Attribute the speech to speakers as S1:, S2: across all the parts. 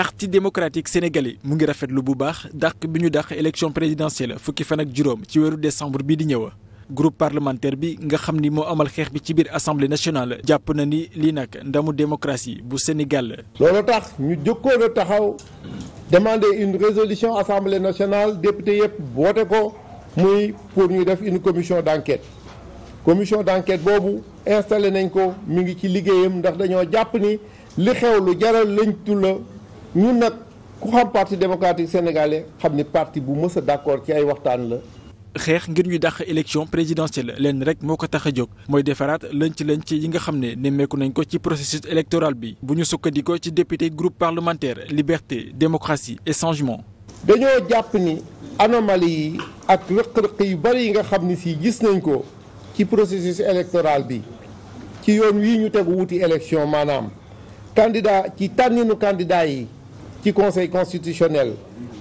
S1: parti démocratique sénégalais mu ngi rafetlu bu baax dàq bi ñu dàq élection présidentielle fukki fan ak juróom ci weeru décembre bii di ñëw. groupe parlementaire bi nga xam ni moo amal xeex bi ci biir assemblée nationale. jàpp na ni lii nag ndamu démocratie bu Sénégal. loolu tax ñu jëkkoon a
S2: taxaw demander une résolution assemblée nationale député yëpp woote ko muy pour ñu def une commission d' enquête commission d' enquête boobu installé nañ ko mi ngi ci liggéeyam ndax dañoo ñun nag ku xam parti démocratique sénégalais xam ni parti bu mës a d'accord ci ay waxtaan la.
S1: xeex ngir ñu dàq élection présidentielle leen rek moo ko tax a jóg mooy defaraat lënc lënc yi nga xam ne nemmeeku nañ ko ci processus électoral bi bu ñu sukkandikoo ci député groupe parlementaire
S2: liberté démocratie et changement. dañoo jàpp ni anomalie yi ak rëq-rëq yu bari yi nga xam ni si gis nañ ko ci processus électoral bi ci yoon wii ñu tegu wuti élection maanaam candidat ci tànninu candidat yi. ci conseil constitutionnel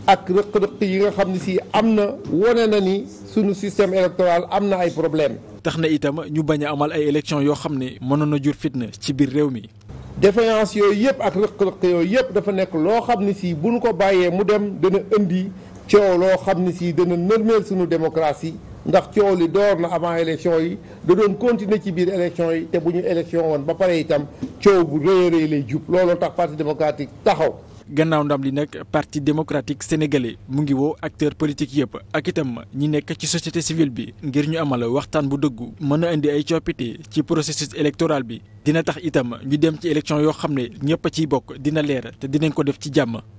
S2: ak rëq-rëq yi nga xam ne si am na wone na ni sunu système électoral am na ay problème tax na itam ñu bañ a amal ay élection yoo xam ne mënoon na jur fitna ci biir réew mi. défaillance yooyu yëpp ak rëq-rëq yooyu yëpp dafa nekk loo xam ne sii bu ñu ko bàyyee mu dem dana indi coow loo xam ne si dana nërmeel sunu démocratie ndax coow li door na avant élection yi da doon continuer ci biir élection yi te bu ñu élection woon ba pare itam coow bu rëy a rëy lay jub looloo taxaw.
S1: gannaaw ndam li nag parti démocratique sénégalais mu ngi woo acteur politique yëpp ak itam ñi nekk ci société civile bi ngir ñu amal waxtaan bu dëggu mën a indi ay coppite ci processus électoral bi dina tax itam ñu dem ci élection yoo xam ne ñëpp a ciy bokk dina leer te dinañ ko def ci jàmm.